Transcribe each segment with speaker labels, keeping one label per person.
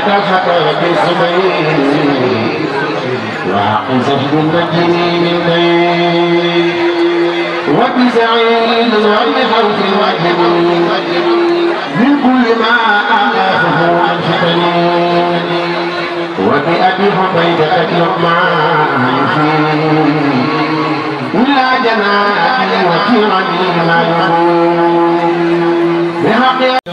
Speaker 1: حق حقائق الزبير وعقزه المجنين الليل وبزعيم عن حوف وجه من كل ما آلافه عن فتن وبأبي حبيبة لقمان فيه إلا جناح وكرم ما يقول بحق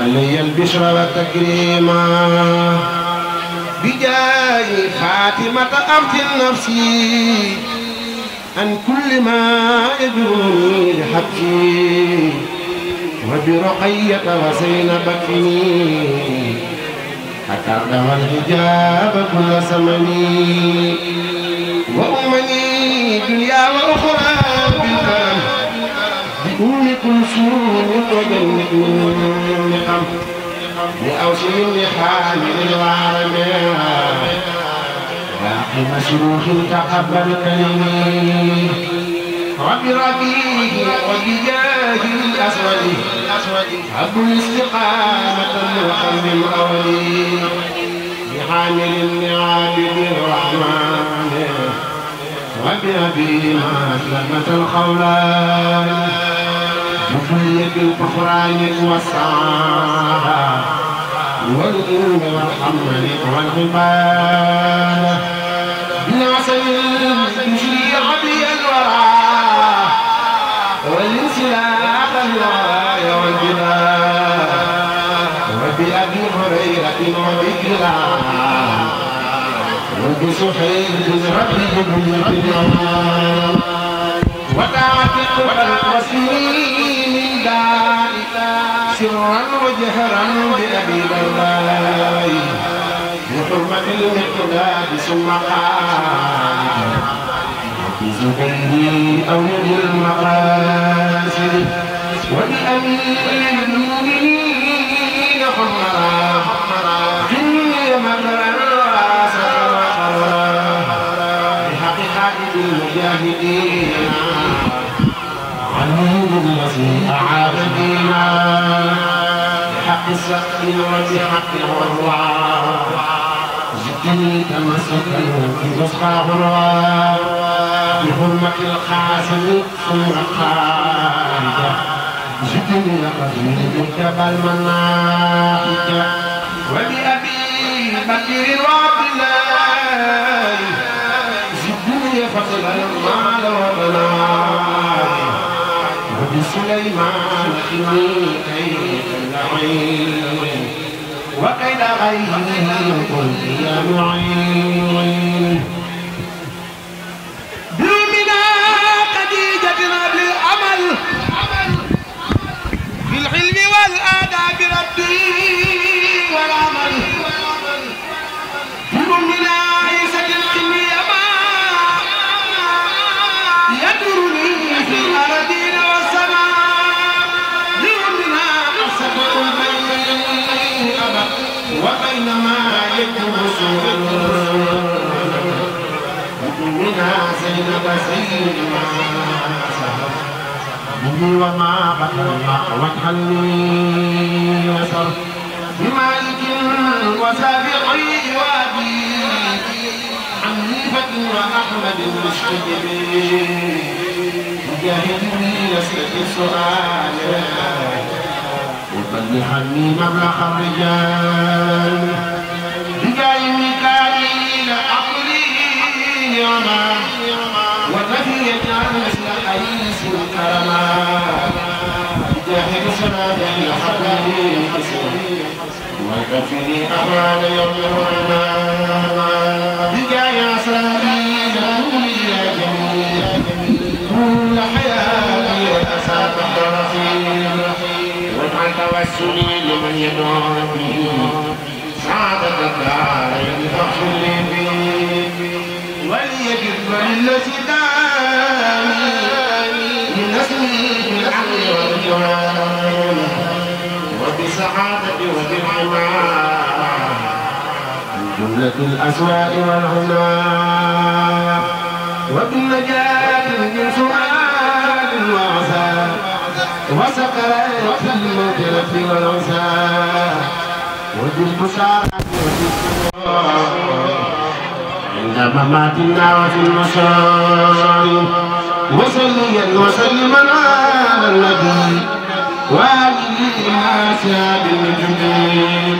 Speaker 1: علي البشرى والتكريمة بجاي خاتمة أمت نفسي عن كل ما يجرني لحقي وبرقية وزينب حتى أكرد والحجاب كل زمني وأمني دنيا وأخرى بالكرم بأم كلثوم وجنة لأوشي لحامل الوارم يا أخي تقبل كلمي رب ربيه وبجاه الأسود حب الاستقامة وقلب الأولي بحامل النعام بالرحمن وبأبي ما أسلمت الخولان مخيب الكفران والسعادة والقوم والحمل والعبادة بلا سيد تجري عبي الورى والانسلاخ الورايا والجبال وبأبي هريرة وبكلا وبسحيل ربي بن وتعتق الوسيله سرا وجهرا بأبي لولاي وحرمة المقداد ثم قال بزبيه أو بالمقاصد وبأمير المؤمنين حمرا حمي مرة حمرا بحق حائل المجاهدين الذي أعاد بنا بحق السقف وبحق الغرام جدني تمسكا بنصحى غرام بحرمة القاسم ثم قاعدة جدني قديم منتبى المناقب وبأبي بكر وعبد الله جدني فضلا المال وبنات كيف نعين وقد غيره قل يا معين دومنا خديجة بالأمل
Speaker 2: بالعلم والآداب ربي
Speaker 1: مني وما بلغ وجهني وسر بمالك وسابقي وابي حنيفة وأحمد المشتجب مجاهدني لست السؤال وبلغني مبلغ الرجال بجاه ميكائيل أقلي يا يجعلن حريص كرما جاهد صلاة الحبيب وكفني أمان يوم الغرما بجا يا صلاتي نقول يا جميل كل حياتي أساك طرفي واجعل توسلي لمن يدعوني سعادة الدار المحل بي وليجد التي جملة الأسماء والعلماء وبالنجاة من سؤال وعسى وسكرات الموت نفي والعسى وبالبشارة وبالسرور عند مماتنا وفي المشار وصليا وسلما على النبي وآله وأصحاب الجميل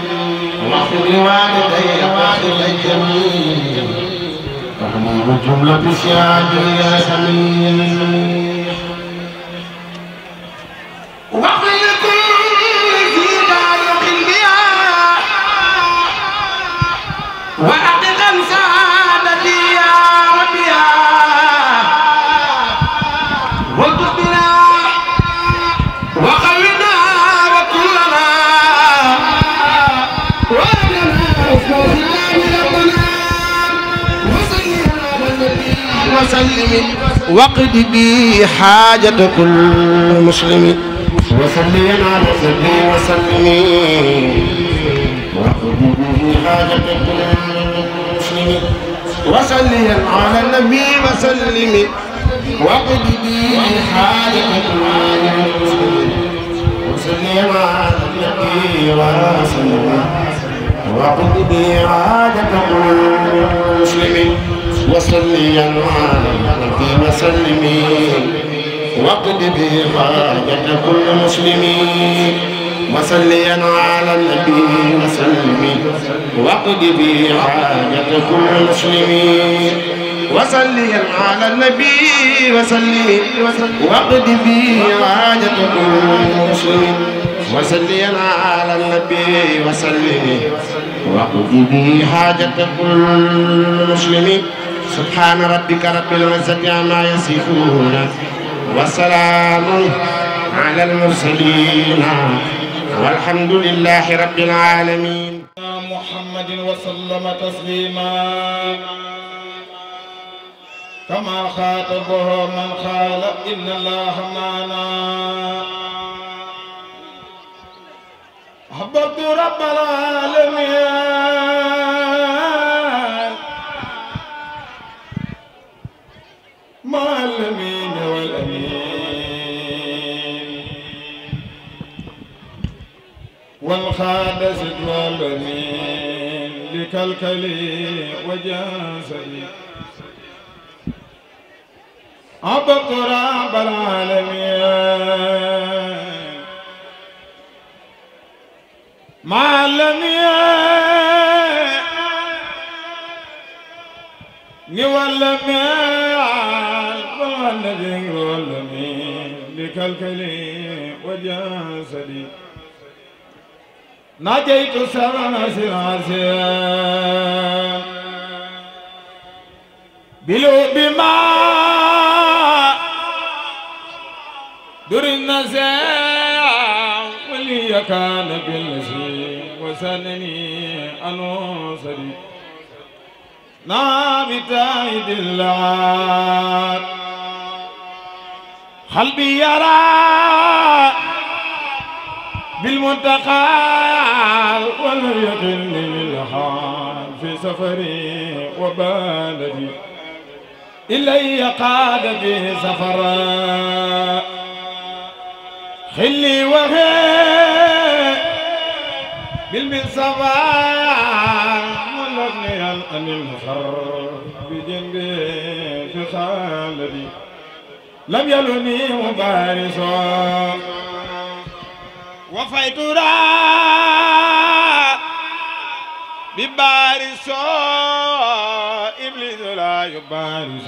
Speaker 1: واغفر لوالدي والدي الجميل فهم جملة الشعب يا سمين مسلم وقد بي حاجة كل مسلم وصلي على سبي وسلم واقض بي حاجة كل وصلي على النبي وسلم وقد بي حاجة كل مسلم وصلي على النبي وسلم وقض بي عادة كل مسلم وصلي اللهم في وسلمي وقض بي كل مسلم وصليا على النبي وسلم وقض بي كل مسلم وصليا على النبي وسلم وقض بي كل مسلم وصليا على النبي وسلم وقضي حاجة كل مسلم سبحان ربك رب العزة عما يصفون وسلام على المرسلين والحمد لله رب
Speaker 2: العالمين محمد وسلم تسليما كما خاطبه من خالق إن الله معنا محبت رب العالمين مع الأمين والأمين والخادس والأمين لكلكلي وجاسي عبد رب العالمين ما لم ني ولم والنبي ولم لكلكلي وجسدي نجيت سرنا سراسيا بلو بما درنا زي ولي كان بالنسبه وسنني أنوسني نابت عيد اللعاب قلبي يرى بالمنتقال ولم يقلني الحال في سفري وبلدي إلي قاد به سفرا خلي وغير بالمصطفى ملغني الأم المخر بجنبي في خالدي لم يلني مبارس وفيت ببارس إبليس لا يبارس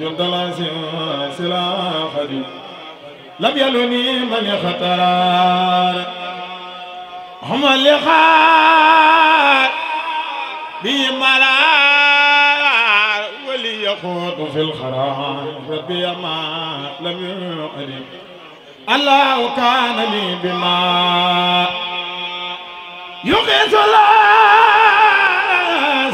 Speaker 2: جلد الأسلام لم يلني من يختار هم اللي اللقاء بملا وليخوض في الخرام ربي ما لم يعلم الله كان لي بما يغيث الله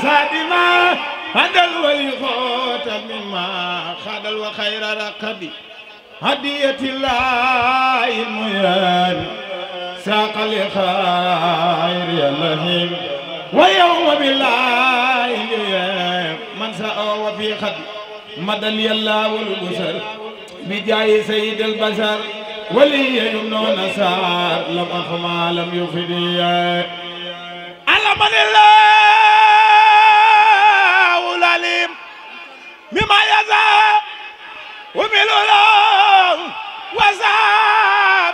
Speaker 2: سادما هذا الولي الوليخوت مما خاد الوخير ركبي هدية الله المياني ساق لخير الله ويوم بالله من ساوى في خد مدى الله البشر بجاي سيد البشر ولي يمنى نصار لم اخما لم يفدي على من الله العليم مما يزا ومن الله وزا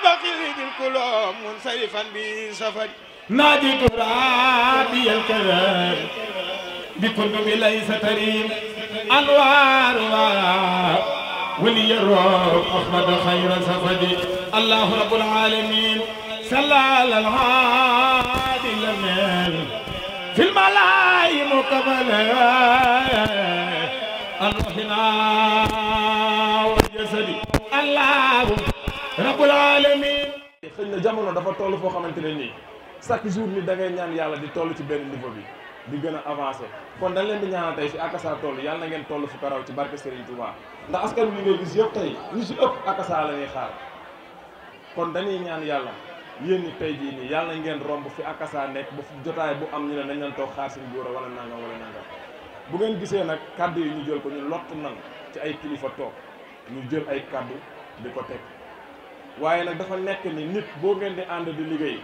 Speaker 2: وزابق الكلام منصرفا بسفري ناديت ربي الكرم بكل ليس تريم انوارها ولي الرب احمد خير سفدي الله رب العالمين صلى على الهادي الامين في الملاي مقبلا الرحمن والجسد الله
Speaker 3: رب العالمين xëñ na jamono dafa toll foo xamante ne nii chaque jour ni da ñaan yàlla di toll ci benn niveau bi di gën a avancé kon dañ leen di ñaanal tey fi akasa toll yàlla na ngeen toll fu ko raw ci barke Serigne Touba ndax askan bi ngay gis yëpp tey ñu si ëpp akasa la ñuy xaar kon dañuy ñaan yàlla yéen ñi tey jii nii yàlla na ngeen romb fi akasa nekk ba jotaay bu am ñu ne nañ leen toog xaar seen góor wala nangam wala nangam bu ngeen gisee nag kàddu yi ñu jël ko ñu lott nan ci ay kilifa toog ñu jël ay kàddu di ko teg waaye nag dafa nekk ni nit boo ngeen di ànd di liggéey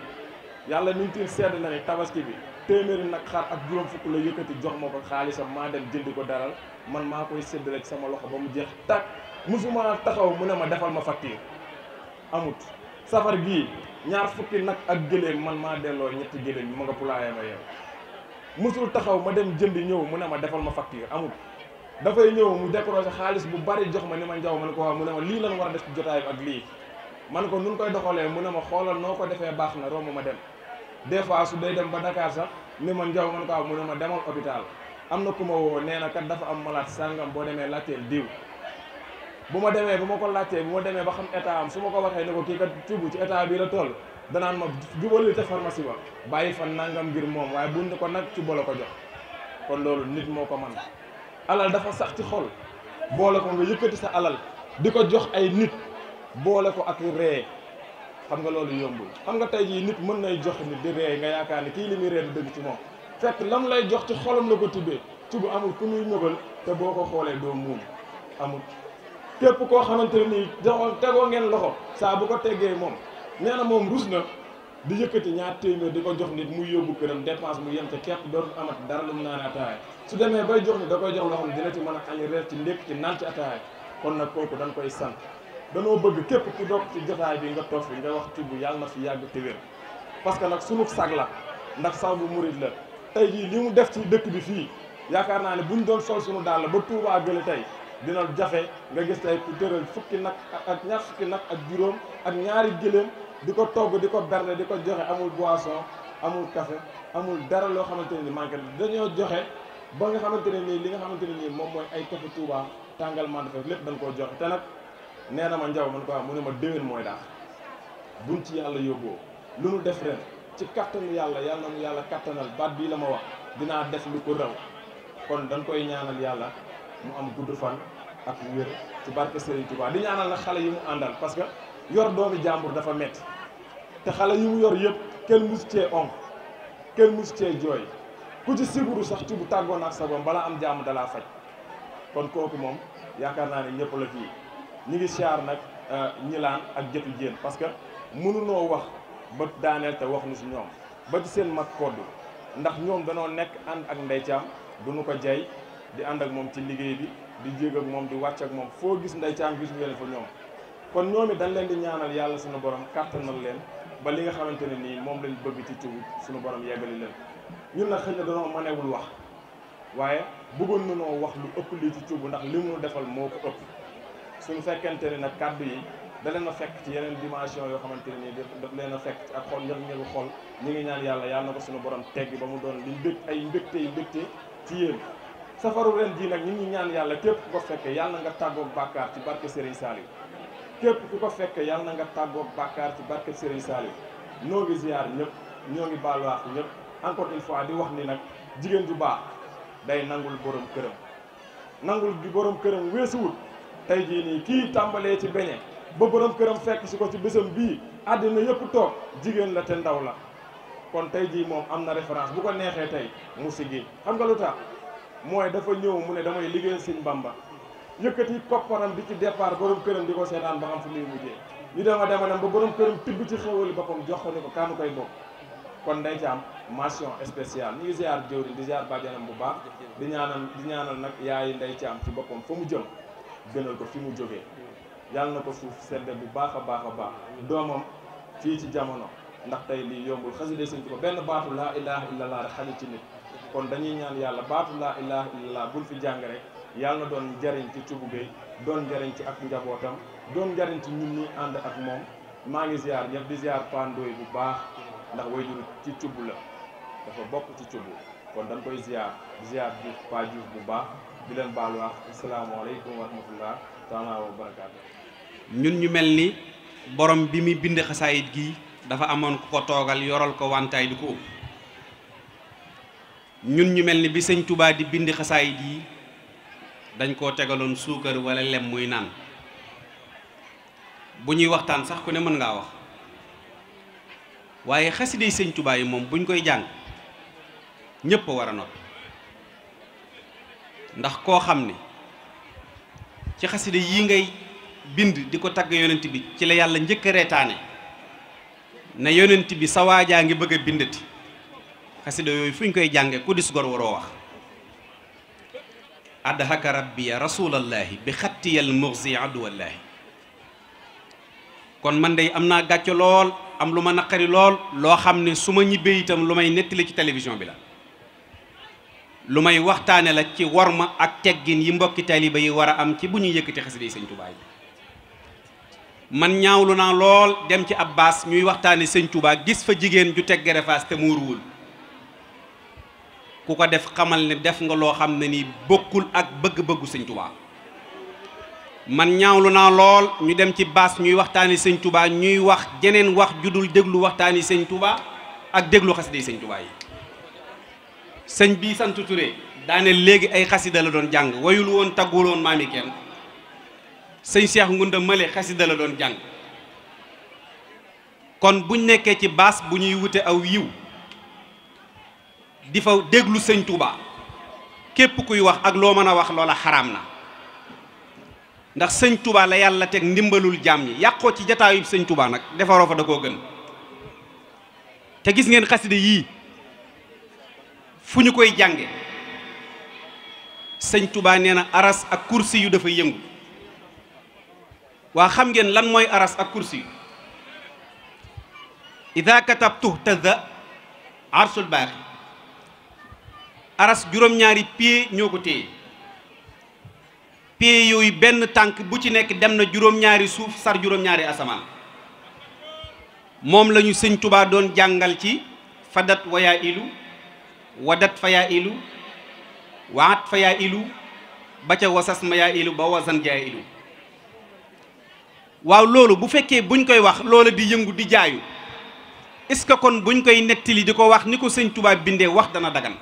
Speaker 3: yàlla niñ tin sedd na ni tabaski bi téeméeri nag xar ak juróom fukk la yëkkati jox ma ko xaalisam maa dem jëndi ko daral man maa koy sedd rek sama loxo ba mu jeex tàkk musuma taxaw mu ne ma defal ma facture amut safar gii ñaar fukki nag ak gëléem man maa delloo ñetti gëléem ma nga pulaayee ma yow musul taxaw ma dem jëndi ñëw mu ne ma defal ma facture amut dafay ñëw mu décroché xaalis bu bari jox ma ni ma njaw ma ne ko waaw mu ne ma lii lan war a def ci jotaay ak lii man ko nun koy doxalee mu ne ma xoolal noo ko defee baax na romb ma dem des fois su day dem ba ndakaar sax ni man njaw man ko mu ne ma demal hôpital am na ku ma woo nee na kat dafa am malaat sàngam boo demee laajteel diw bu ma demee bu ma ko laajtee bu ma demee ba xam état am su ma ko waxee ne ko kii kat tubu ci état bi la toll danaan ma jubali ca pharmacie ba bàyyi fa nàngam ngir moom waaye buñ ko nag ci bolo ko jox kon loolu nit moo ko man alal dafa sax ci xol boole ko nga yëkkati sa alal di ko jox ay nit boole ko ak ree xam nga loolu yombul xam nga tey jii nit mën nay jox nit di ree nga yaakaar ni kii li muy ree du dëgg ci moom fekk lam lay jox ci xolam na ko tibbee tubu amul ku muy nëbal te boo ko xoolee doo muum amul képp koo xamante ne nii joxoon tegoo ngeen loxo saa bu ko teggee moom nee na moom rus na di yëkkati ñaar téeméer di ko jox nit muy yóbbu këram dépense mu yem ca képp dootul amat dara lu mu naan ataaya su demee bay jox ni da koy jox loo xam ne dina ci mën a añ reer ci ndékk ci naan ci ataaya kon nag kooku dañ koy sant danoo bëgg képp ku doog ci jotaay bi nga toog fi nga wax ci bu yàlla na fi yàgg te wér parce que nag sunu sag la ndax sag bu murit la tey jii li mu def ci dëkk bi fii yaakaar naa ne ñu doon sol sunu dàll ba Touba gële tey dina jafe nga gis tey ku tëral fukki nag ak ñaar fukki nag ak juróom ak ñaari gëléem di ko togg di ko berne di ko joxe amul boisson amul kafe amul dara loo xamante ne ni manqué dañoo joxe ba nga xamante ne nii li nga xamante ne nii moom ay café Touba tàngal lépp dañ koo joxe te nee na ma njaw man ko am mu ne ma déwén mooy daax buñ ci yàlla yóbboo lu nu def ren ci kattanu yàlla yàlla mu yàlla kattanal baat bii la ma wax dinaa def lu ko raw kon dañ koy ñaanal yàlla mu am gudd fan ak wér ci barke Serigne Touba di ñaanal nag xale yi mu àndal parce que yor doomi jàmbur dafa metti te xale yi mu yor yëpp kenn mus cee onk kenn mus cee jooy ku ci siguru sax ci bu tàggoon ak sa boom balaa am jàmm dalaa faj kon kooku moom yaakaar naa ne ñëpp la fii ñi ngi siyaar nag ñilaan euh, ak jëtu jéen parce que mënunoo wax ba daaneel te wax nu si ñoom ba ci seen mag kodd ndax ñoom danoo nekk ànd ak Ndeye Thiam du nu ko jay di ànd ak moom ci liggéey bi di jéeg ak moom di wàcc ak moom foo gis Ndeye Thiam gis nga ñoom kon ñoom it dañ leen di ñaanal yàlla suñu borom kàttanal leen ba li nga xamante ne nii moom lañ bëgg ci tuub suñu borom yeggali leen ñun nag xëy na danoo mënewul wax waaye bëggoon na noo wax lu ëpp lii ci tuub ndax li mu defal moo ko ëpp suñu fekkente ni nag kàddu yi da leen a fekk ci yeneen dimension yoo xamante ne nii daf leen a fekk ci ak xol ñëpp ñëpp xol ñi ngi ñaan yàlla yàlla na ko suñu borom teggi ba mu doon li mbég ay mbégte yu mbégte ci yéen safaru ren jii nag ñi ngi ñaan yàlla képp ku ko fekke yàlla na nga tàggoog bàkkaar ci barke Serigne saali képp ku ko fekke yàlla na nga tàggoog bàkkaar ci barke Serigne Saliou noo ngi ziar ñëpp ñoo ngi baal waax ñëpp encore une fois di wax ni nag jigéen ju baax day nangul borom këram tey jii nii kii tàmbalee ci beñe ba borom këram fekk si ko ci bésam bii àddina yëpp toog jigéen la te ndaw la kon tey jii moom am na référence bu ko neexee tey mu siggi xam nga lu tax mooy dafa ñëw mu ne damay liggéeyal Sëñ Bamba yëkkati kopparam bi ci départ borom këram di ko seenaan ba xam fu muy mujjee ñu dema dema dem ba borom këram tibb ci xéwali boppam jox ko ne ko kaanu koy bokk kon day ci am mention spéciale ñu ngi ziar jëwriñ di ziar bàjjanam bu baax di ñaanal di ñaanal nag yaay nday ci am ci boppam fa mu jëm gënal ko fi mu jógee yàlla na ko suuf sedde bu baax a baax a baax doomam fii ci jamono ndax tey lii yombul xasida sëñ ko benn baatu laa ilaha illallah rek xali ci nit kon dañuy ñaan yàlla baatu laa ilaha illallah bul fi jàng rek yàlla na doon njariñ ci Cuubu Géey doon njariñ ci ak njabootam doon njariñ ci ñun ñi ànd ak moom maa ngi ziar ñëpp di ziar pandooy bu baax ndax wayjur ci Cuubu la dafa bokk ci Cuubu kon dañ koy ziar ziar Juuf Pa di leen baalu
Speaker 4: ñun ñu mel ni borom bi muy bind xasaayit gi dafa amoon ku ko toogal yoral ko wantaay di ko ëpp ñun ñu mel ni bi sëñ Touba di bind xasaayit yi dañ koo tegaloon suukar wala lem muy naan bu ñuy waxtaan sax ku ne mën ngaa wax waaye xasida yi sëñ Touba yi moom buñ koy jàng ñépp a war a noppi ndax ko xam ci xasida yi ngay bind diko tag tagg yonent bi ci la yàlla ñeuk retane na yonent bi sa waajaa ngi bëgg bindati xasida yoy fuñ koy jànge ku dis gor woro wax adhaka rabbi rabbiya rasulallaahi bi khatti al mughzi adu aduwallaahi kon man day amna naa gàcce lool am luma nakari naqari lool loo xam ne su itam lumay netti nettali ci télévision bi la lu may waxtaane la ci ma ak teggin yi mbokki taaliba yi war a am ci bu ñuy yëkkati xasida yi sëñ Tuubaa yi man ñaawlu naa lool dem ci ab baas ñuy waxtaane sëñ Tuubaa gis fa jigéen ju teg gerefaas te muuruwul ku ko def xamal ne def nga loo xam ne nii bokkul ak bëgg-bëggu sëñ Tuubaa man ñaawlu naa lool ñu dem ci baas ñuy waxtaane sëñ Tuubaa ñuy wax jeneen wax ju dul déglu waxtaani sëñ Tuubaa ak déglu xasida yi sëñ bii sant Touré daane léegi ay xasida la doon jàng woyul woon taggul woon maami kenn sëñ Cheikh Ngunda Male xasida la doon jàng kon buñ nekkee ci baas bu ñuy wute aw yiw di fa déglu sëñ tubaa képp kuy wax ak loo mën a wax loola xaraam na ndax sëñ Touba la yàlla teg ndimbalul jaam ñi yàqoo ci jataayub sëñ Touba nag defaroo fa da koo gën te gis ngeen xasida yii fu ñu koy jànge sëñ tubaa nee na aras ak kursi yu dafay yëngu waa xam ngeen lan mooy aras ak kursi yu ida katabtu tadda arsul baaxi aras juróom-ñaari pied ñoo ko téye pied yooyu benn tànk bu ci nekk dem na juróom-ñaari suuf sar juróom-ñaari asamaan moom lañu sëñ Touba doon jàngal ci fadat waya ilu wadat fa yaa ilu waat fa yaa ilu ba ca wasas ma yaa ilu ba wasan ja ilu waaw loolu bu fekkee buñ koy wax loola di yëngu di jaayu est-ce que kon buñ koy nettali di ko wax ni ko sëñ Tuubaa bindee wax dana dagan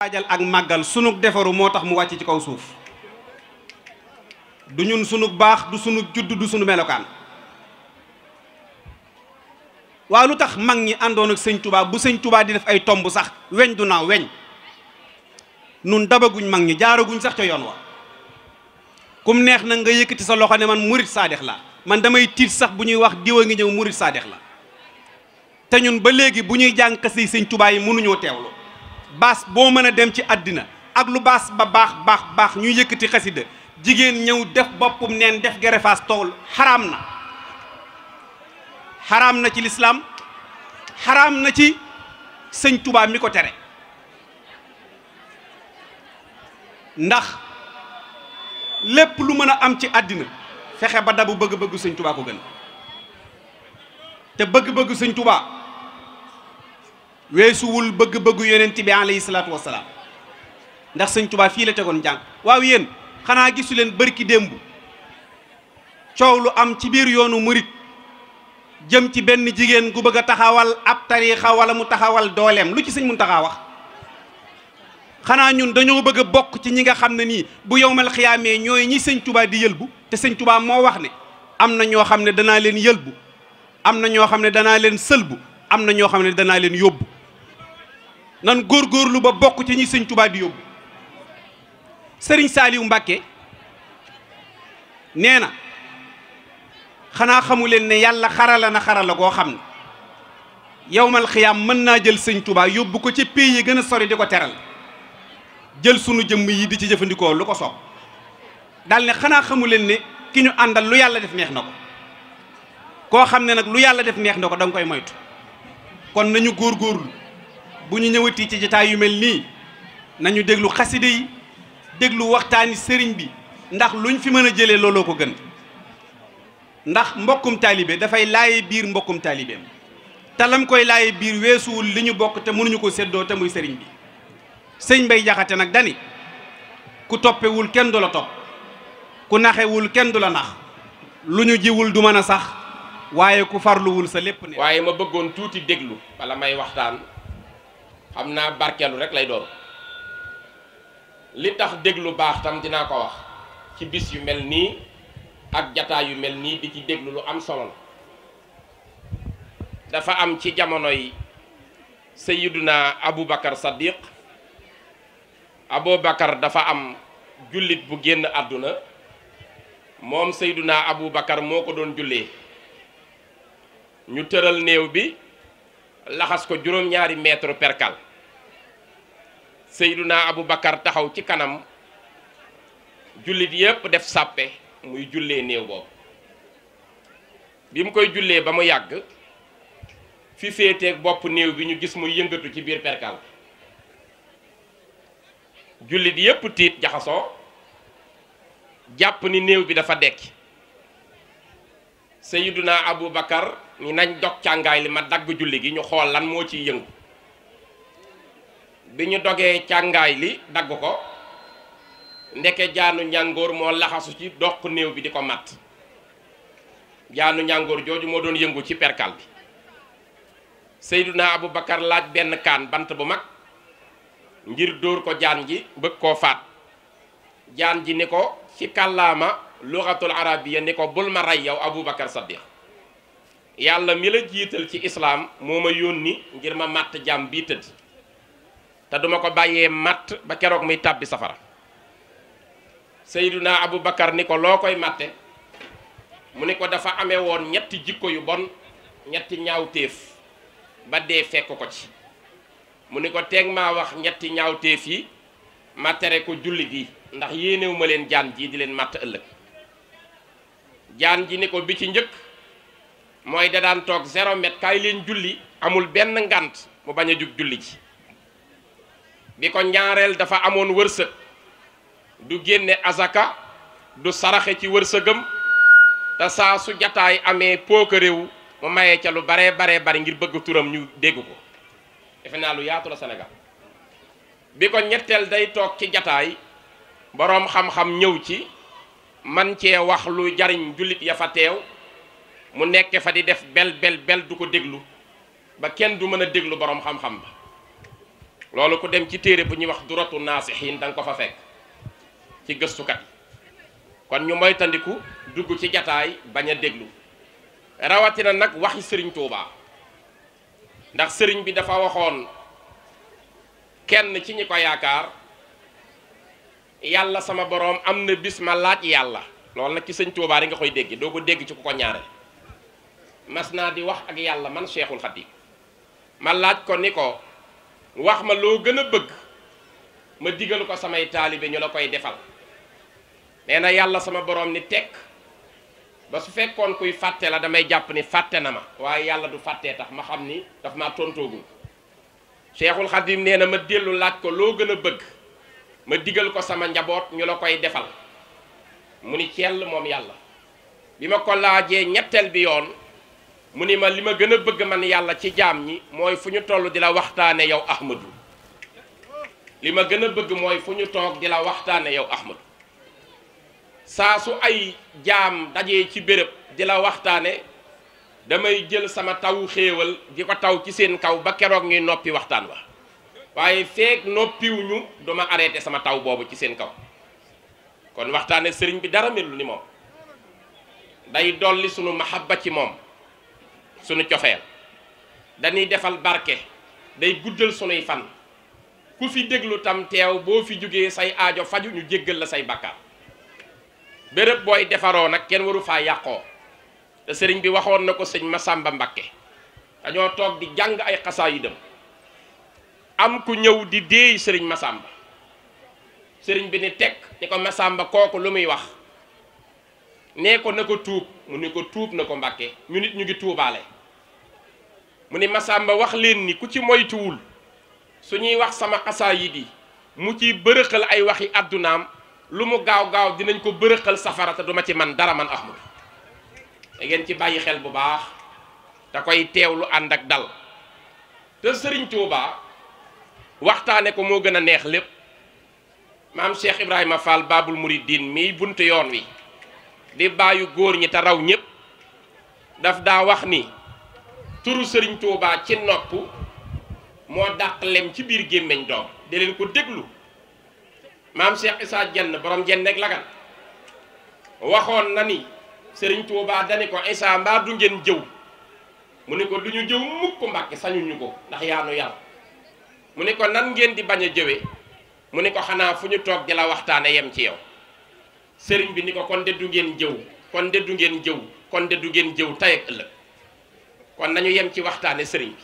Speaker 4: waajal ak màggal sunug defaru moo tax mu wàcc ci kaw suuf du ñun sunug baax du sunug judd du sunu melokaan wa lutax mag ñi andon ak seigne touba bu seigne touba di def ay tombu sax weñ du na weñ nun dabaguñ mag ñi jaaraguñ sax ci yoon wa kum neex na nga yëkëti sa loxo ne man murit sadikh la man damay tit sax bu ñuy wax diwa nga ñew murit sadikh la te ñun ba légui bu ñuy kasi seigne touba yi mënu ñu tewlu boo bo mëna dem ci adina ak lu ba bax bax bax ñuy yëkëti xassida jigen ñew def bopum neen def gerefaas tol haram na xaraam na ci lislaam xaraam na ci sëñ tubaa mi ko tere ndax lépp lu mën a am ci àddina fexe ba dabu bëgg bëgg sëñ Tuubaa ko gën te bëgg bëgg sëñ tubaa weesuwul bëgg-bëggu yonent bi alayhi salaatu wassalaam ndax sëñ tubaa fii la tegoon jàng waaw yéen xanaa gisu leen bërki démb coow lu am ci biir yoonu murit jëm ci benn jigéen gu bëgg a taxawal ab tariixa wala mu taxawal dooleem lu ci sëñ Muntaxa wax xanaa ñun dañoo bëgg a bokk ci ñi nga xam ne nii bu yowmal xiyaamee ñooy ñi sëñ Tuubaa di yëlbu te sëñ Tuubaa moo wax ne am na ñoo xam ne danaa leen yëlbu am na ñoo xam ne danaa leen sëlbu am na ñoo xam ne danaa leen yóbbu nan góorgóorlu ba bokk ci ñi sëñ Tuubaa di yóbbu sëriñ Saaliw Mbàkke nee na xanaa xamu leen ne yàlla xarala na xarala goo xam ne yowmal xiyaam mën naa jël sëñ tubaay yóbbu ko ci pays yi gën a sori di ko teral jël sunu jëmm yi di ci jëfandikoo lu ko soob daal ne xanaa xamu leen ne ki ñu àndal lu yàlla def neex na ko koo xam ne nag lu yàlla def neex na ko da koy moytu kon nañu góor góorgóorlu bu ñu ñëwati ci jotaay yu mel nii nañu déglu xasida yi déglu waxtaani sëriñ bi ndax luñ fi mën a jëlee looloo ko gën ndax mbokkum taalibe dafay laaye biir mbokkum taalibeem te lam koy laaye biir weesuwul li ñu bokk te mënuñu ko séddoo te muy sëriñ bi sëñ bay jaxate nag dani ku toppewul kenn du la topp ku naxewul kenn du la nax lu ñu jiwul du mën a
Speaker 5: sax waaye ku farluwul sa lépp ne waaye ma bëggoon tuuti déglu bala may waxtaan xam naa barkeelu rek lay doon li tax déglu baax tam dinaa ko wax ci bis yu mel nii ak jataay yu melni di ci deglu lu am solo dafa am ci jamono yi Bakar abubakar saddiq abubakar dafa am julit bu genn aduna Seyuduna sayyiduna abubakar moko don doon jullee ñu teural neew bi laxas ko juroom ñaari mètre perkal Seyuduna abubakar taxaw ci kanam julit yépp def sàppe muy jullee néew boobu bi mu koy jullee ba mu yàgg fi féeteeg bopp néew bi ñu gis muy yëngatu ci biir perkaal jullit yépp tiit jaxasoo jàpp ni néew bi dafa dekki naa abu bakar ni nañ dog càngaay li ma dagg julli gi ñu xool lan moo ciy yëngu bi ñu dogee càngaay li dagg ko ndeke jaanu njàngoor moo laxasu ci doq néew bi di ko matt jaanu njàngoor jooju moo doon yëngu ci perkal bi Seyduna Abu Bakar laaj benn kaan bant bu mag ngir dóor ko jaan ji bëgg koo faat jaan ji ni ko ci kàllaama luxatul arabiya ni ko bul ma rey yow Abu Bakar Saddiq yàlla mi la jiital ci islaam moo ma yónni ngir ma màtt jaam bii tëdd te duma ko bàyyee màtt ba keroog muy tàbbi safara Seyduna Abu Bakar ni ko loo koy màtte mu ni ko dafa ame woon ñetti jikko yu bon ñetti ñaawteef ba dee fekk ko ci mu ni ko teeg maa wax ñetti ñaawteef yi ma ko julli gi ndax yéenewu ma leen jaan ji di leen màtt ëllëg jaan ji ni ko bi ci njëkk mooy da daan toog zéro mètre kaay leen julli amul benn ngant mu bañ a jug julli ji bi ko ñaareel dafa amoon wërsëg du génne azaka du saraxe ci wërsëgam te saa su jataay amee pookaréew mu mayee ca lu baree baree bari ngir bëgg turam ñu dégg ko defe naa lu yaatu la Sénégal bi ko ñetteel day toog ci jataay boroom xam-xam ñëw ci man cee wax lu jariñ jullit ya fa teew mu nekk fa di def bel bel bel du ko déglu ba kenn du mën a déglu boroom xam-xam ba loolu ku dem ci téere bu ñuy wax duratu naasixiin da danga ko fa fekk ci gëstukat kon ñu moytandiku dugg ci jataay bañ a déglu rawatina nag waxi sëriñ Touba ndax sëriñ bi dafa waxoon kenn ci ñi ko yaakaar yàlla sama boroom am na bis ma laaj yàlla lool nag ci sëñ Touba rek nga koy dégg doo ko dégg ci ku ko ñaare mas naa di wax ak yàlla man Cheikhul Khadim ma laaj ko ni ko wax ma loo gën a bëgg ma digal ko samay taalibe ñu la koy defal nee yalla sama borom ni tek ba su fekkon kuy fatte la damay japp ni fatte na ma waaye yalla du fatte tax ma xamni daf maa tontoogul Cheikhul Khadim nee ma delu lat ko lo geuna beug ma digal ko sama njabot ñu la koy defal Muni ciel mom yalla, bima ko laaje ñettel bi yoon muni ma lima geuna beug man yalla ci jam ñi moy fuñu tollu dila di yow Ahmadu lima geuna beug moy fuñu tok dila waxtane yow Ahmadu saa su ay jam dajee ci bërepp dila waxtané damay jël sama taw xéewal di taw ci seen kaw ba kérok ngi noppi waxtan wa fek nopi wuñu duma arrêté sama taw bobu ci seen kaw kon waxtané sëriñ bi dara melu ni mom day dolli sunu mahabba ci mom sunu ciofel dañuy defal barke day guddal suñu fan ku fi déglu tam téw bo fi juggé say aajo faju ñu jéggal la say béréb booy defaroo nag kenn waru faa yàqoo te sëriñ bi waxoon na ko sëñ Masamba Mbakke dañoo toog di jàng ay xasaayidam am ku ñëw di déey sëriñ Masamba sëriñ bi ni teg ni ko Masamba kooku lu muy wax nee ko na ko tuub mu ni ko tuub na ko Mbakke ñu nit ñu ngi tuubaale mu ni Masamba wax leen ni ku ci moytuwul su ñuy wax sama xasaayid yi mu ci bërëxal ay waxi àddunaam lu mu gaaw gaaw dinañ ko bërëxal safara te duma ci man dara man Ahmad da ngeen ci bàyyi xel bu baax te koy teew lu ànd ak dal te Serigne Touba waxtaane ko moo gën a neex lépp maam Cheikh Ibrahima Fall Babul Mouridine miy bunt yoon wi di bàyyu góor ñi te raw ñépp daf daa wax ni turu sëriñ Touba ci noppu moo dàq lem ci biir gémmiñ doom di leen ko déglu. Mam Cheikh isa jenn borom jenn ak Lagan waxon na ni Serigne Touba dani ko isa mba du ngeen jew muniko duñu ko mukk mbacke sañu ko ndax yaanu yar muniko ko nan ngeen di baña jewé muniko xana fuñu ko xanaa di la yem ci yow serigne bi niko kon de du ngeen jew kon de du ngeen jew kon de du ngeen jew tay ak kon nañu yem ci waxtane serigne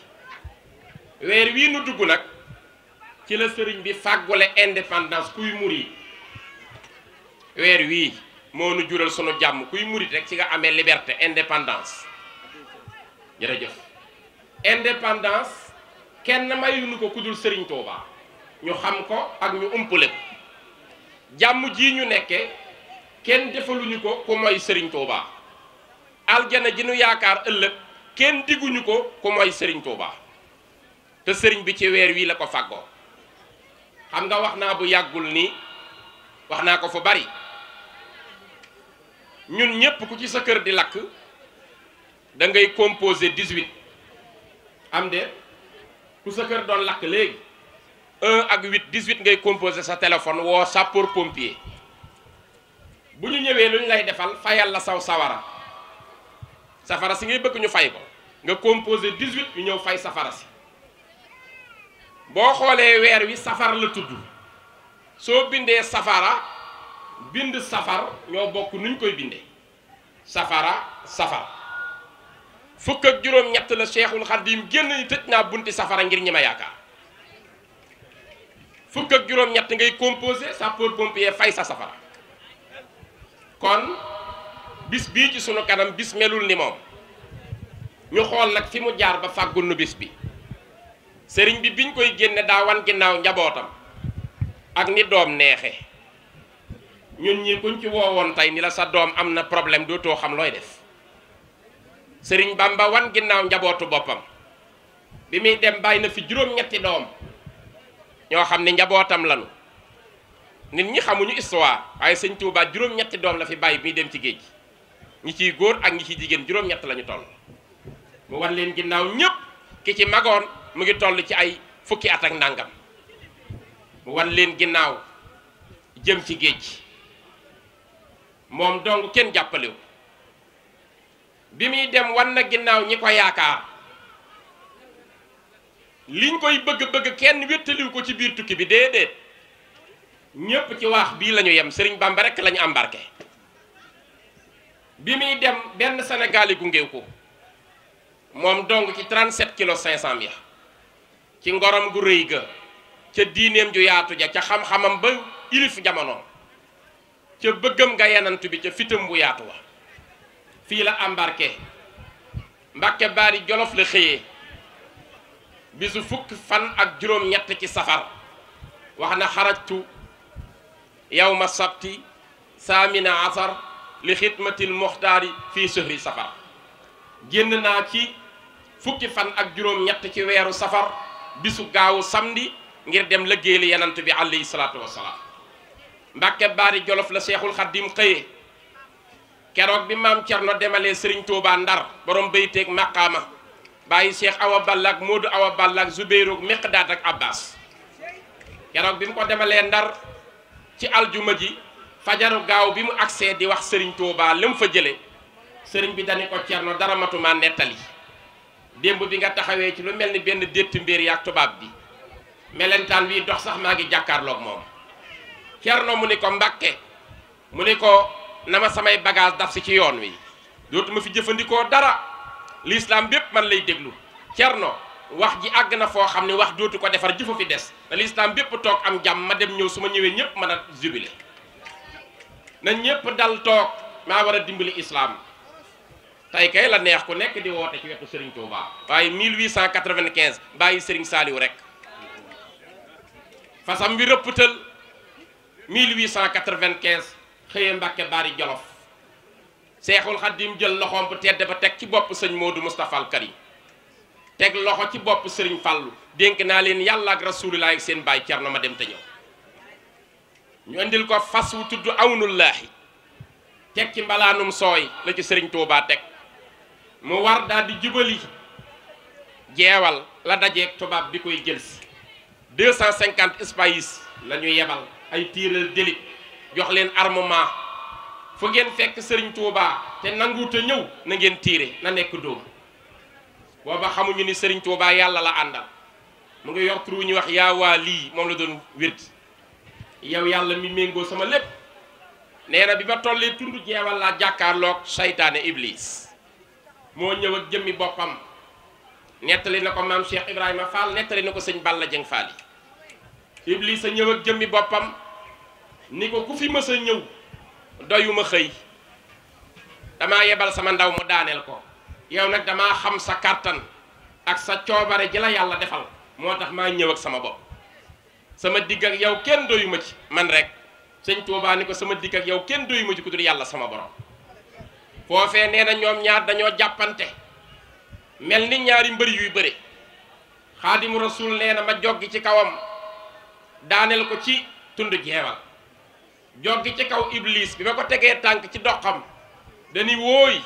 Speaker 5: bi wer wi nu dugg nak ci la sëriñ bi fàggule indépendance kuy murit weer wii moo nu jural sunu jàmm kuy muri rek ci nga amee liberté indépendance jërëjëf indépendance kenn mayuñu ko kudul sëriñ Touba ñu xam ko ak ñu umpale ko jàmm ji ñu nekke kenn defaluñu ko ku mooy sëriñ Touba aljana ji nu yaakaar ëllëg kenn digguñu ko ku mooy sëriñ Touba te sëriñ bi ci weer wii la ko fàggoo xam nga wax naa bu yàggul ni wax naa ko fu bari ñun ñépp ku ci sa kër di lakk da ngay composé 18 am de ku sa kër doon lakk léegi 1 ak 8 18 ngay composé sa téléphone woo sapeur pompier bu ñu ñëwee lu ñu lay defal fayal la saw sawara safara si ngay bëgg ñu fay ko nga composé 18 ñu ñëw fay safara si boo xoolee weer wi safar la tudd soo bindee safara bind safar ñoo bokk nuñ koy bindee safara safar fukk ak juróom-ñett la Cheikhul Khadim génn ni tëj safara ngir ñi ma yaakaar fukk ak juróom-ñett ngay composé sapeur pompier fay sa safara kon bis bii ci sunu kanam bis melul ni moom ñu xool nag fi mu jaar ba fàggul nu bis bi sëriñ bi biñ koy génne daa wan ginnaaw njabootam ak ni doom neexe ñun ñi kuñ ci woowoon tey ni la sa doom am na problème dootoo xam looy def sëriñ Bamba wan ginnaaw njabootu boppam bi muy dem bàyyi na fi juróom-ñetti doom ñoo xam ne njabootam lanu nit ñi xamuñu histoire waaye sëñ Touba juróom-ñetti doom la fi bàyyi bi muy dem ci géej gi ñi ciy góor ak ñi ciy jigéen juróom-ñett lañu toll mu wan leen ginnaaw ñépp ki ci magoon mu ngi toll ci ay fukki at ak ndàngam wan leen ginnaaw jëm ci géej moom dong kenn jàppalewu bi muy dem wan na ginnaaw ñi ko yaakaar liñ koy bëgg-bëgg kenn wéttaliwu ko ci biir tukki bi déedéet ñépp ci waax bii lañu yem Sëriñ Bàmba rekk lañu mbarke bi muy dem benn senegali yi gungeew ko moom dong ci 37 kilos 500 ya ci ngorom gu reey ga ci diineem ju yaatu ja ci xam-xamam ba ilif jamono ci beugam ga yenantu bi ci fitam bu yaatu wa fi la embarqué mbacke bari Jolof la xeyé bisu fuk fan ak juróom-ñett ci safar waxna na yawma sabti samina asar li al muhtar fi sëhri safar génn na ci fukki fan ak juróom-ñett ci wéru safar bisu gaawu samedi ngir dem lëggéeyal yenant bi alayhi salaatu wasalaam mbàkke baari jolof la seexul xaddim xëyee keroog bi maam cerno demalee sëriñ tuubaa ndar borom bayteeg maqaama bàyyi seex awa ballaak moodu awa ballaak zubeyroog miqdaat ak abbas keroog bi mu ko demalee ndar ci aljuma ji fajaru gaaw bi mu agsee di wax sëriñ tooba li mu fa jële sëriñ bi dañu ko cerno dara matumaa nettali démb bi nga taxawee ci lu mel ni benn détti mbir yaa tubaab bi melentaan bii dox sax maa ngi jàkkaarloog moom Cerno mu ne ko Mbàkke mu ne ko na ma samay bagage daf si ci yoon wi dootuma fi jëfandikoo dara lislaam bépp man lay déglu Cerno wax ji àgg na foo xam ne wax dootu ko defar jëfa fi des na lislaam bépp toog am jàmm ma dem ñëw su ma ñëwee ñëpp mën a jubile na ñëpp dal toog maa war a dimbali islaam tey kay la neex ku nekk di woote ci wetu Serigne Touba waaye 1895 bàyyi Serigne Saliou rek fasam bi rëpptal 1895 xëye Mbàkke Bari Jolof Seexul Xaddim jël loxoom bu tedd ba teg ci bopp sëñ moo du Al Karim teg loxo ci bopp sëriñ Fallou dénk naa leen yàlla ak rasulullah ak seen baay Cerno ma dem te ñu indil ko fas wu tudd awnullaahi teg ci mbalaanum sooy la ci Serigne Touba teg. mu war daal di jubali jeewal la dajeeg tubaab bi koy jël si deux cent cinquante spahis la ñu yebal ay tiiral délit jox leen armement fu ngeen fekk sëriñ Touba te nanguut a ñëw na ngeen tiire na nekk dóom booba xamuñu ni sëriñ Touba yàlla la àndal mu ngi yor turu ñuy wax yaa waa lii moom la doon wird yow yàlla mi méngoo sama lépp nee na bi ma tollee tund jeewal laa jàkkaarloog seytaane iblis mo ñëw ak jëmmi Netelin netali nako mam Cheikh Ibrahima Fall netali nako seigne Balla jeng Fall Iblis a ñëw ak jëmmi bopam niko ko ku fi mësa a ñëw doyuma xey dama yebal sama ndaw mu daanel ko yow nak dama xam sa kàttan ak sa ciobare ji la yalla defal motax ma ñëw ak sama bop sama digg ak yow kenn doyuma ci man rek seigne touba niko ko sama digg ak yow kenn doyuma ci kudur yalla sama borom foofee nee na ñoom ñaar dañoo jàppante mel ni ñaari mbër yuy bëre xaadimu rasul nee na ma joggi ci kawam daaneel ko ci tund jeewal joggi ci kaw iblis bi ma ko tegee tànk ci doxam dañuy wooy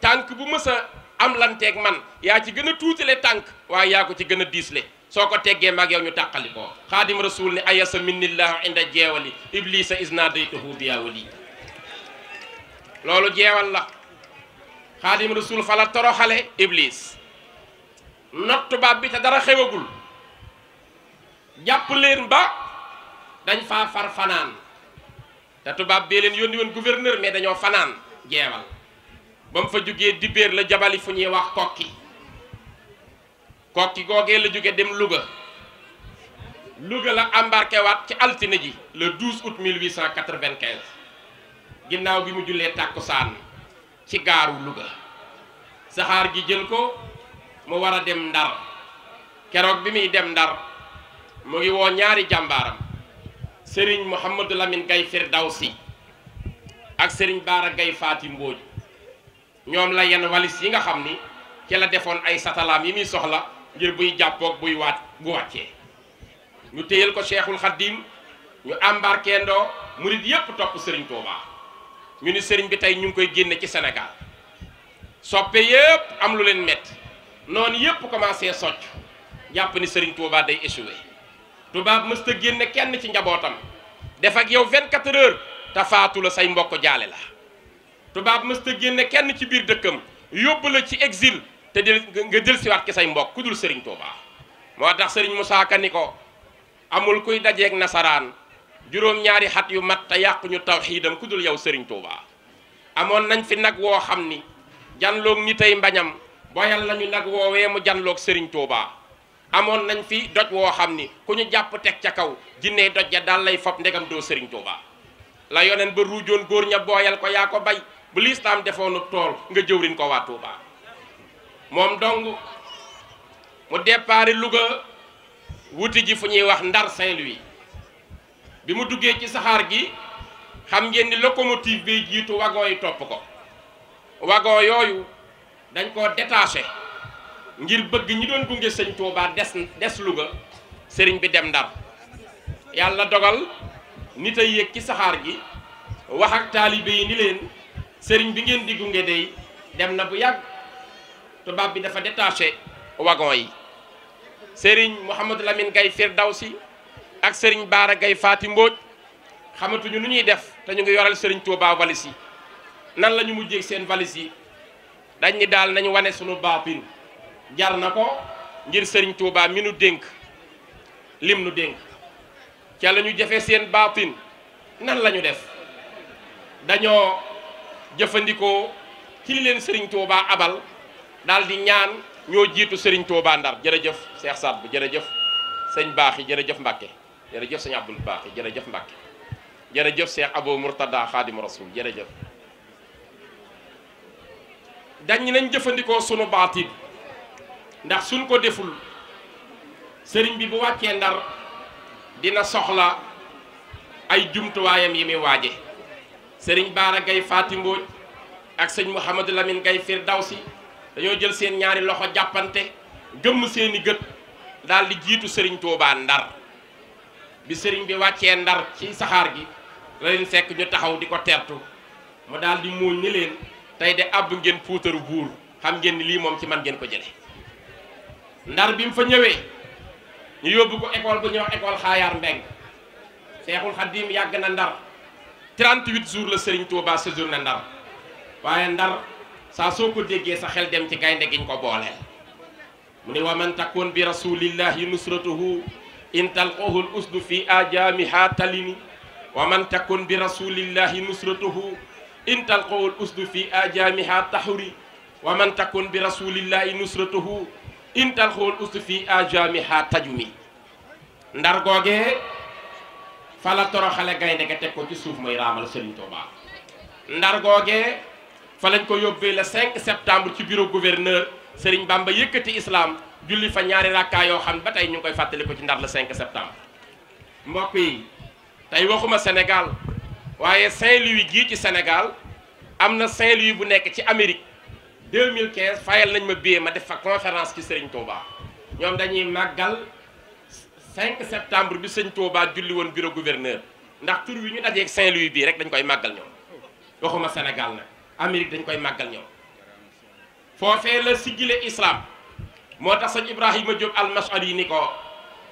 Speaker 5: tànk bu mës am lanteeg man yaa ci gën a tuutale tànk waaye yaa ko ci gën a diisle soo ko teggee mag yow ñu tàqali ko xaadim rasul ne ayasa minnillahu inda jeewali iblisa isna daytahu biyawali loolu jeewal la xaadim rasul fa la toroxale iblis not tubaab bi te dara xewagul jàpp leen ba dañ fa far fanaan te tubaab bee leen yónni woon gouverneur mais dañoo fanaan jeewal ba mu fa jógee dibéer la jabali fu ñuy wax kokki kokki googee la jóge dem Louga Louga la embarqué waat ci altine ji le 12 août 1895 ginnaaw bi mu jullee tàkkusaan ci gaaru Louga saxaar gi jël ko mu war a dem Ndar keroog bi muy dem Ndar mu ngi woo ñaari jàmbaaram sëriñ Mouhamadou Lamine Gaye Firdawsi ak sëriñ Baara gay Faati Mbooj ñoom la yenn walis yi nga xam ni ci la defoon ay satalaam yi muy soxla ngir buy jàppoog buy waat bu wàccee ñu téyal ko Cheikhul Khadim ñu embarqué ndoo murit yépp topp sëriñ Touba. ñu ni sëriñ bi tey ñu ngi koy génne ci senegal soppe yépp am lu leen metti noonu yépp commencé socc jàpp ni sëriñ Touba day échoué tubaab mësta génne kenn ci njabootam def ak yow 24 heures te faatu say mbokk jaale la tubaab mësta génne kenn ci biir dëkkam yóbbu la ci exil te del nga del siwaat ki say mbokk ku dul sëriñ Touba moo tax sëriñ Moussa Ka ni ko amul kuy dajeeg nasaraan juróom-ñaari xat yu mat te yàquñu tawxiidam ku dul yow Serigne Touba amoon nañ fi nag woo xam ni janloog ñi tey mbañam boyal nañu nag woowee mu janlook sëriñ Touba amoon nañ fi doj woo xam ni ku ñu jàpp teg ca kaw jinnee doj ja daal lay fob ndegam doo Serigne Touba la yoneen ba ruujoon góor ña booyal ko yaa ko bay bu lislaam defoonu tool nga jëwriñ ko waa Touba moom dong mu déparé Louga wuti ji fu ñuy wax Ndar Saint-Louis bi mu duggee ci saxaar gi xam ngeen ni locomotive bi jiitu wagon yi topp ko wagon yooyu dañ koo détaché ngir bëgg ñi doon gunge sëñ Touba des des Louga sëriñ bi dem Ndar yàlla dogal nit a yéeg ci saxaar gi wax ak taalibe yi ni leen sëriñ bi ngeen di gunge dey dem na bu yàgg tubaab bi dafa détaché wagon yi sëriñ Mouhamadou Lamine Gaye Firdawsi ak sëriñ baaragay Gaye Faati Mbóoj xamatuñu nu ñuy def te ñu ngi yoral Serigne Touba valise yi nan lañu ñu seen valise yi dañ ni daal nañu wane sunu baatin jar na ko ngir sëriñ Touba mi nu dénk lim nu dénk ca la ñu jëfe seen baatin nan lañu def dañoo jëfandikoo ci li leen Serigne Touba abal daal di ñaan ñoo jiitu sëriñ Touba Ndar jërëjëf Cheikh Saad bu jëf sëñ baax yi jërëjëf Mbàkke jërëjëf sëñ Abdul Baaxi jërëjëf Mbàkke jërëjëf Seex Abo Murtada Xaadimu Rasuul jërëjëf dañ nañ jëfandikoo sunu baatin ndax suñ ko deful sëriñ bi bu wàccee ndar dina soxla ay jumtuwaayam yi muy waaje sëriñ Baara Gay Faati Mbooj ak sëñ Mouhamadou Lamine Gay Firdawsi dañoo jël seen ñaari loxo jàppante gëmm seeni gët daal di jiitu sëriñ Tuubaa ndar bi sëriñ bi wàccee ndar ci saxaar gi la leen sekk ñu taxaw di ko tertu mu daal di muuñ ni leen tey de àbb ngeen puutaru buur xam ngeen ni lii moom ci man ngeen ko jële ndar bi mu fa ñëwee ñu yóbbu ko école bu ñuy wax école xaayaar mbeng seexul xaddiim yàgg na ndar 38 jours la sëriñ Touba séjour na ndar waaye ndar saa soo ko déggee sa xel dem ci gaynde giñ ko booleel mu ne wa man takkoon bi rasulillahi nusratuhu إن تلقوه الأسد في آجامها تلني ومن تكن برسول الله نصرته إن تلقوه الأسد في آجامها تحري ومن تكن برسول الله نصرته إن تلقوه الأسد في آجامها تجمي ndar googee fa la toroxale gaynde ga teg ko ci suuf mooy raamal Serigne Touba ndar googee fa lañ ko yóbbee le 5 septembre ci bureau gouverneur Serigne Bamba yëkkati islam julli fa ñaari rakkaa yo xam ba tay ñu koy fatali ko ci ndar le 5 septembre mbokk yi tay waxuma Sénégal waye Saint-Louis gi ci Sénégal amna Saint-Louis bu nekk ci Amérique 2015 fayal nañ ma ma def fa conférence ci Serigne Touba ñom dañuy Magal. 5 septembre bi Serigne Touba julli won bureau gouverneur ndax tur wi ñu ak Saint-Louis bi rek dañ koy magal ñom waxuma Sénégal nag Amérique dañ koy magal ñom fofé la sigile islam. motax señ sëñ ibrahima jóob almasali ni ko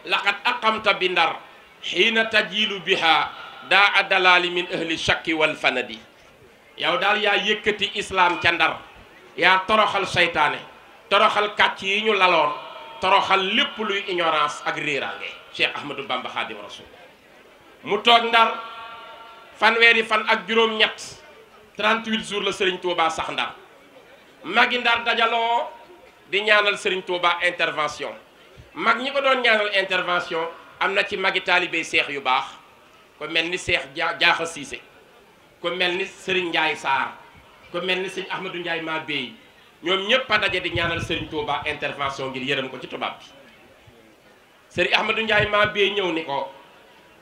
Speaker 5: laqad aqamta bindar hina tajilu biha daa dalal min ahli shakki wal fanadi yow dal ya yekati islam ca ndar yaa toroxal shaytané toroxal kàcc yi ñu lalon toroxal lepp luy ignorance ak rirangé cheikh ahmadou bamba khadim rasoul mu tok ndar fanweeri fan ak juroom ñett 38 jours le serigne touba sax ndar magi ndar dajalo di ñaanal Serigne Touba intervention mag ñi ko doon ñaanal intervention am na ci magi taalibey seex yu baax ko mel ni seex jaaxa siise ku mel ni Serigne Ndiaye Sarr ku mel ni sëñ Ahmadou Ndiaye maa béy ñoom ñëpp a daje di ñaanal Serigne Touba intervention ngir yërëm ko ci tubaab bi Serigne Ahmadou Ndiaye maa béy ñëw ni ko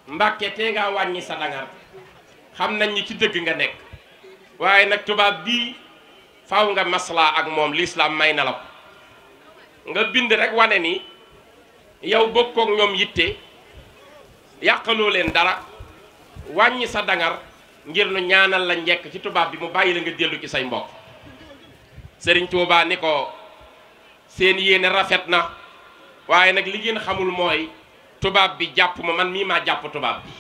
Speaker 5: Mbàkke tee ngaa wàññi sa dangar xam nañ ñi ci dëgg nga nekk waaye nag tubaab bii faw nga maslaa ak moom lislaam may na la nga bind rek wane ni yow bokkook ñoom yitte yàqaloo leen dara wàññi sa dangar ngir nu ñaanal la njekk ci tubaab bi mu bàyyi la nga dellu ci say mbokk sëriñ Touba ni ko seen yéene rafet na waaye nag li ngeen xamul mooy tubaab bi jàpp ma man mii maa jàpp tubaab bi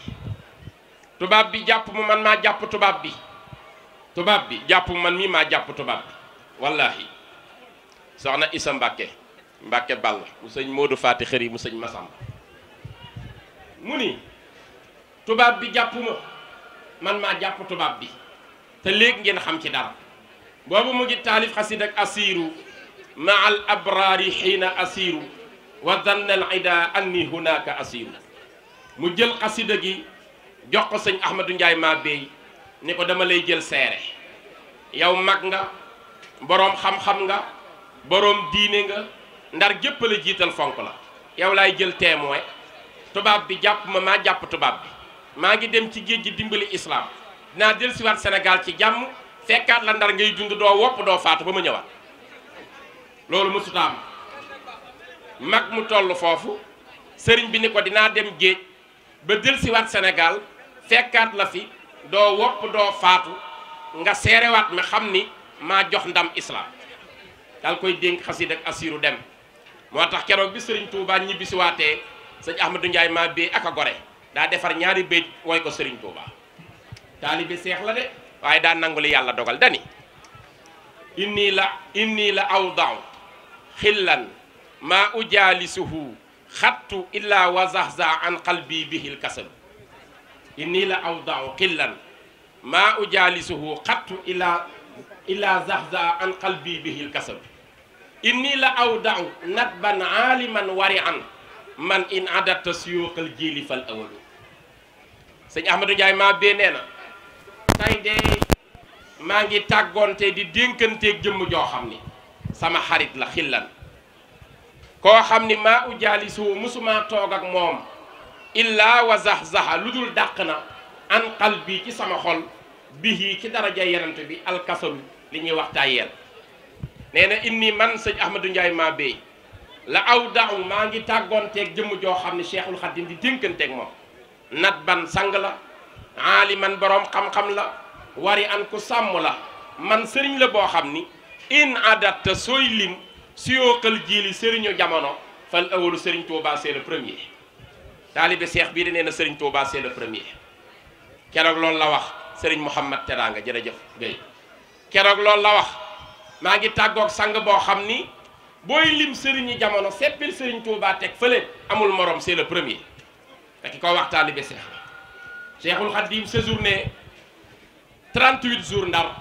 Speaker 5: tubaab bi jàpp ma man maa jàpp tubaab bi tubaab bi jàpp ma man mii maa jàpp tubaab bi wallaahi soxna Isa Mbàkke mbacke Balla mu seigne Modou Faati xëri mu seigne massam muni tubab bi jappuma man ma jàpp tubab bi te leg ngeen xam ci dara bobu mu ngi talif khasid ak asiru ma al abrar hina asiru wa zanna al ida anni hunaka asir mu jël xasida gi jox ko seigne Ahmadou ndjay ma béy ni ko dama lay jël séré yow mag nga borom xam-xam nga borom diine nga ndar gépp la jiital fonk la yow laay jël témoin tubaab bi jàpp ma maa jàpp tubaab bi maa ngi dem ci géej gi dimbali islaam dinaa dellusiwaat Sénégal ci jàmm fekkaat la ndar ngay dund doo wopp doo faatu ba ma ñëwaat loolu mësut a mag mu toll foofu sëriñ bi ni ko dinaa dem géej ba dellusiwaat senegaal fekkaat la fi doo wopp doo faatu nga seerewaat mi xam ni maa jox ndam islaam daal koy dénk xasiid ak asiiru dem moo tax keroog bi sëriñ Touba ñibbi si waatee sëñ Ahmadou Ndiaye maa bee ak gore daa defar ñaari béy wooy ko sëriñ Touba taalibe seex de waaye daa nangu li yàlla dogal dani inni la inni la aw daaw xillan maa ujaalisuhu xattu illa wa an qalbi bihil kasal inni nii la aw daaw nat ban aaliman wari an man in adatta siyuuqal jiili fal awalu sëñ Ahmadou Ndiaye maa bee nee na maa ngi tàggoonte di dénkanteeg jëmm joo xam ni sama xarit la xillan koo xam ni maa ujaalisu musuma toog ak moom illaa wa zax lu dul dàq na an qalbi ci sama xol bihi ci daraja yenant bi alkasalu li ñuy wax tàyyeel nee na inni man sëñ Ahmadou Ndiaye maa béy la aw daaw maa ngi tàggoonteeg jëmm joo xam ne Cheikhul Khadim di dénkanteeg moom nat ban sang la aaliman boroom xam-xam la wari an ku sàmm la man sëriñ la boo xam ni in adatta sooy lim siyooxal jiili sëriñu jamono fal awalu sëriñ Touba c'est le premier taalibe Cheikh bii di nee na sëriñ Touba c'est le premier keroog loolu la wax sëriñ Mouhamad Teranga jërëjëf Guèye keroog loolu la wax maa ngi tàggoog sang boo xam ni booy lim sëriñi jamono seppil sëriñ Touba teg fële amul moroom c'est le premier te ki ko waxtaani bi seex Cheikhul Khadim sa journée jours ndar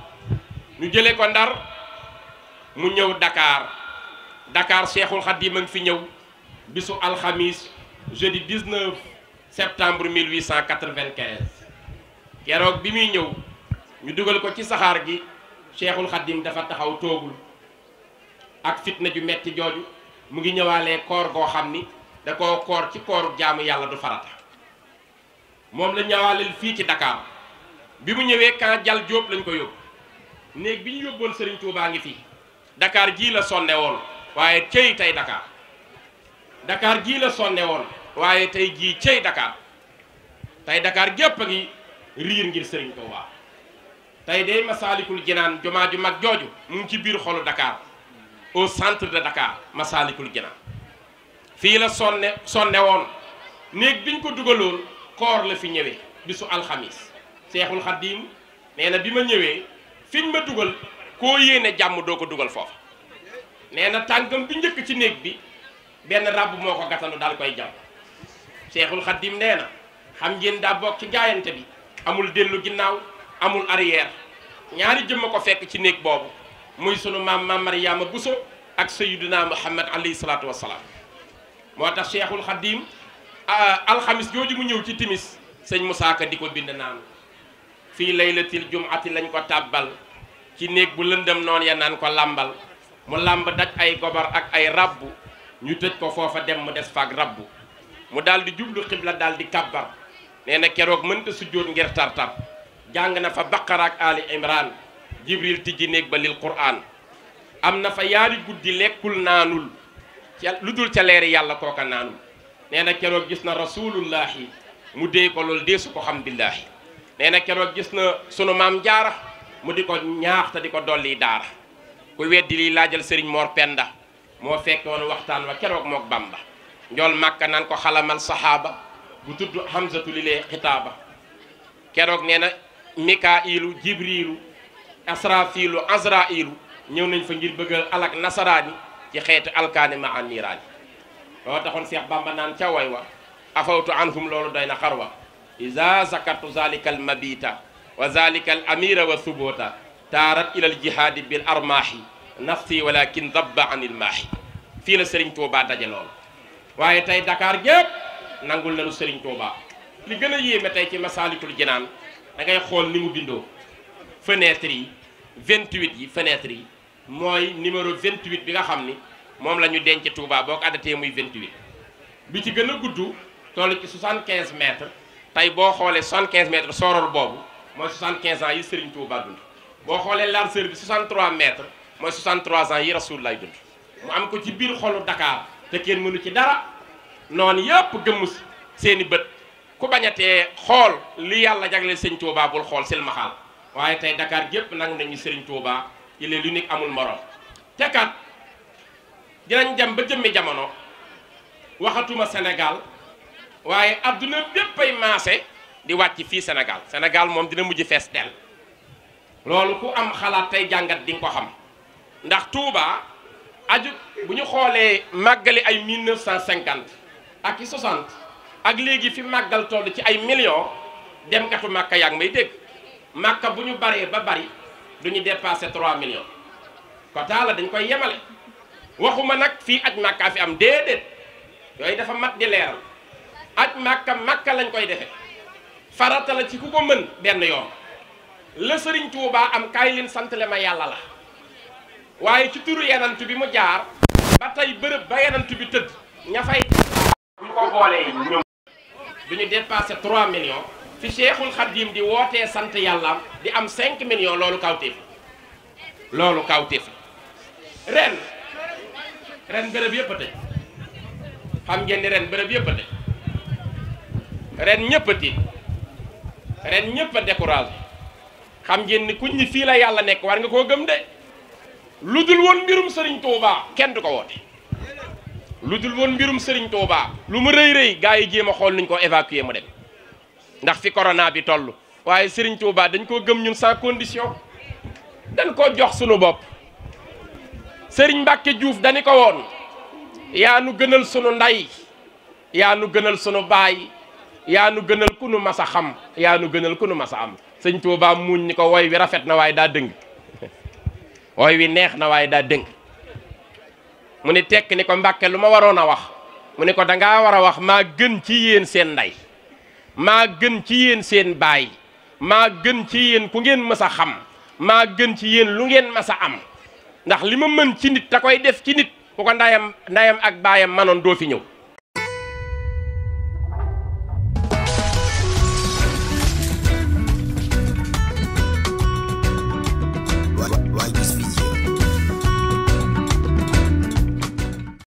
Speaker 5: ñu jëlee ko ndar mu ñëw dakaar Dakar Cheikhul Khadim a ngi fi ñëw bisu alxamis jeudi 19 septembre 1895 keroog bi muy ñëw ñu dugal ko ci saxaar gi. cheikhul xaddim dafa taxaw toogul ak fitna ju metti jooju mu ngi ñëwaalee koor goo xam ni da koo koor ci kooru jaamu yàlla du farata moom la ñëwaaleel fii ci Dakar bi mu ñëwee kan jal jóob lañ ko yóbbu néeg bi ñu yóbboon Serigne Touba ngi fii dakaar jii la sonne woon waaye cëy tey Dakar Dakar jii la sonne woon waaye tey jii cëy Dakar tey dakaar gépp a ngi riir ngir Serigne Touba tey day Masaalikul Jinaan jumaa ju mag jooju mu ngi ci biir xolu dakaar au centre de Dakar Masaalikul Jinaan fii la sonne sonne woon néeg biñ ko dugaloon koor la fi ñëwee bisu alxamis Seexul Xadiim nee na bi ma ñëwee fiñ ma dugal koo yéene jàmm doo ko dugal foofu nee na tànkam bi njëkk ci néeg bi benn ràbb moo ko gatanu daal koy jàmm Seexul Xadiim nee na xam ngeen daa ci jaayante bi amul dellu ginnaaw amul arrière ñaari jëmm ko fekk ci néeg boobu muy sunu maam maam Mariama Bousso ak sayyiduna Muhammad alayhi salaatu wa moo tax Cheikhul Khadim alxamis jooju mu ñëw ci timis sëñ Moussa Ka di ko bind naan fii laylatil jumati lañ ko tàbbal ci néeg bu lëndëm noon ya naan ko làmbal mu làmb daj ay gobar ak ay rabbu ñu tëj ko foofa dem mu des faak rabbu mu daal di jublu xibla daal di kàbbar nee na keroog mënta sujjóot ngir tartar jàng na fa baqara ak ali imran jibril tijji néeg ba lil quraan am na fa yaari guddi lekkul naanul lu dul ca leeri yàlla kooka naanul nee na keroog gis na rasulullahi mu dee ko loolu deesu ko xam billaahi nee na keroog gis na sunu maam jaara mu di ko ñaax te di ko dolli daara ku weddi lii laajal sëriñ Mor Penda moo fekke woon waxtaan wa keroog mook Bamba njool màkka nan ko xalamal sahaaba bu tudd Hamzatu li xitaaba keroog nee mikaa'ilu jibriilu asrafiilu azrailu ñëw nañ fa ngir bëggal alak nasaraani ci xeetu alkaani ma an niiraani loo taxoon Seex Bàmba naan ca way wa afawtu anhum loolu doy na xarwa iza zakartu zalika al mabita wa zalika al amira wa subuta taarat ila al jihaadi bil armaahi nafsi walakin dabba an il maahi fii la Serigne Touba daje lool waaye tey Dakar gépp nangul nañu Serigne Touba li gën a yéeme tey ci Masaalikul Jinaan da ngay xool ni mu bindoo fenêtre yi vingt 28 yi fenêtre yi mooy numéro 28 bi nga xam ni moom la ñu denc Touba boo ko muy vingt 28 bi ci gën a gudd toll ci 75 mètres tey boo xoolee 75 mètres soror boobu mooy 75 ans yi Serigne Touba dund boo xoolee largeur bi 63 mètres mooy 63 ans yi Rasoul lay dund mu am ko ci biir xolu Dakar te kenn mënu ci dara noonu yëpp gëmmu seeni bët ku bañatee xool li yàlla jagleel sëñ Touba bul xool silmaxaal waaye tey dakaar gépp nag nañu sëriñ Touba il lu l'unique amul morom te kat dinañ dem ba jëmmi jamono waxatuma senegal waaye adduna bépp ay maase di wàcc fii senegal senegal moom dina mujj fees dell loolu ku am xalaat tey jàngat di ko xam ndax Touba aju bu ñu xoolee màggali ay 1950 ak i 60. ak léegi fi màggal toll ci ay million dem katu màkka yaa ngi may dégg màkka bu ñu baree ba bari du ñu dépassé 3 millions quota dañ koy yemale waxuma nag fii aj màkkaa fi am déedéet yooyu dafa mat di leeral aj màkka màkka lañ koy defe faratala ci ku ko mën benn yoon la sëriñ Tuubaa am kaay leen santale ma yàlla la waaye ci turu yenant bi mu jaar ba tey bërëb ba yenant bi tëdd ña fay bu ko boolee ñëw du ñu dépassé 3 millions fi Cheikhul Khadim di wootee sant yàllaam di am cinq millions loolu kawteef loolu kawteef ren ren bërëb yëpp a tëj xam ngeen ni ren bërëb yëpp a tëj ren ñëpp tiit ren ñëpp a découragé xam ngeen ni kuñ ni fii la yàlla nekk war nga koo gëm de lu dul woon mbirum Serigne Touba kenn du ko woote. lu dul woon mbirum Serigne Touba lu mu rëy rëy gars yi jéem a xool nuñ ko évacuer mu dem ndax fi corona bi toll waaye Serigne Touba dañ koo gëm ñun sans condition dañ koo jox sunu bopp sëriñ Mbacke juuf dañu ko woon yaa nu gënal sunu nday yaa nu gënal sunu baay yaa nu gënal ku nu mas a xam yaa nu gënal ku nu mas a am sëñ Touba muñ ni ko woy wi rafet na waaye daa dëng woy wi neex na waaye daa dëng mu ni tekk ni ko mbakke lu ma waroon a wax mu ni ko dangaa war a wax maa gën ci yéen seen ndey maa gën ci yéen seen baay maa gën ci yéen ku ngeen mës a xam maa gën ci yéen lu ngeen mës a am ndax li ma mën ci nit ta koy def ci nit ku ko ndayam ndayam ak baayam manoon doo fi ñëw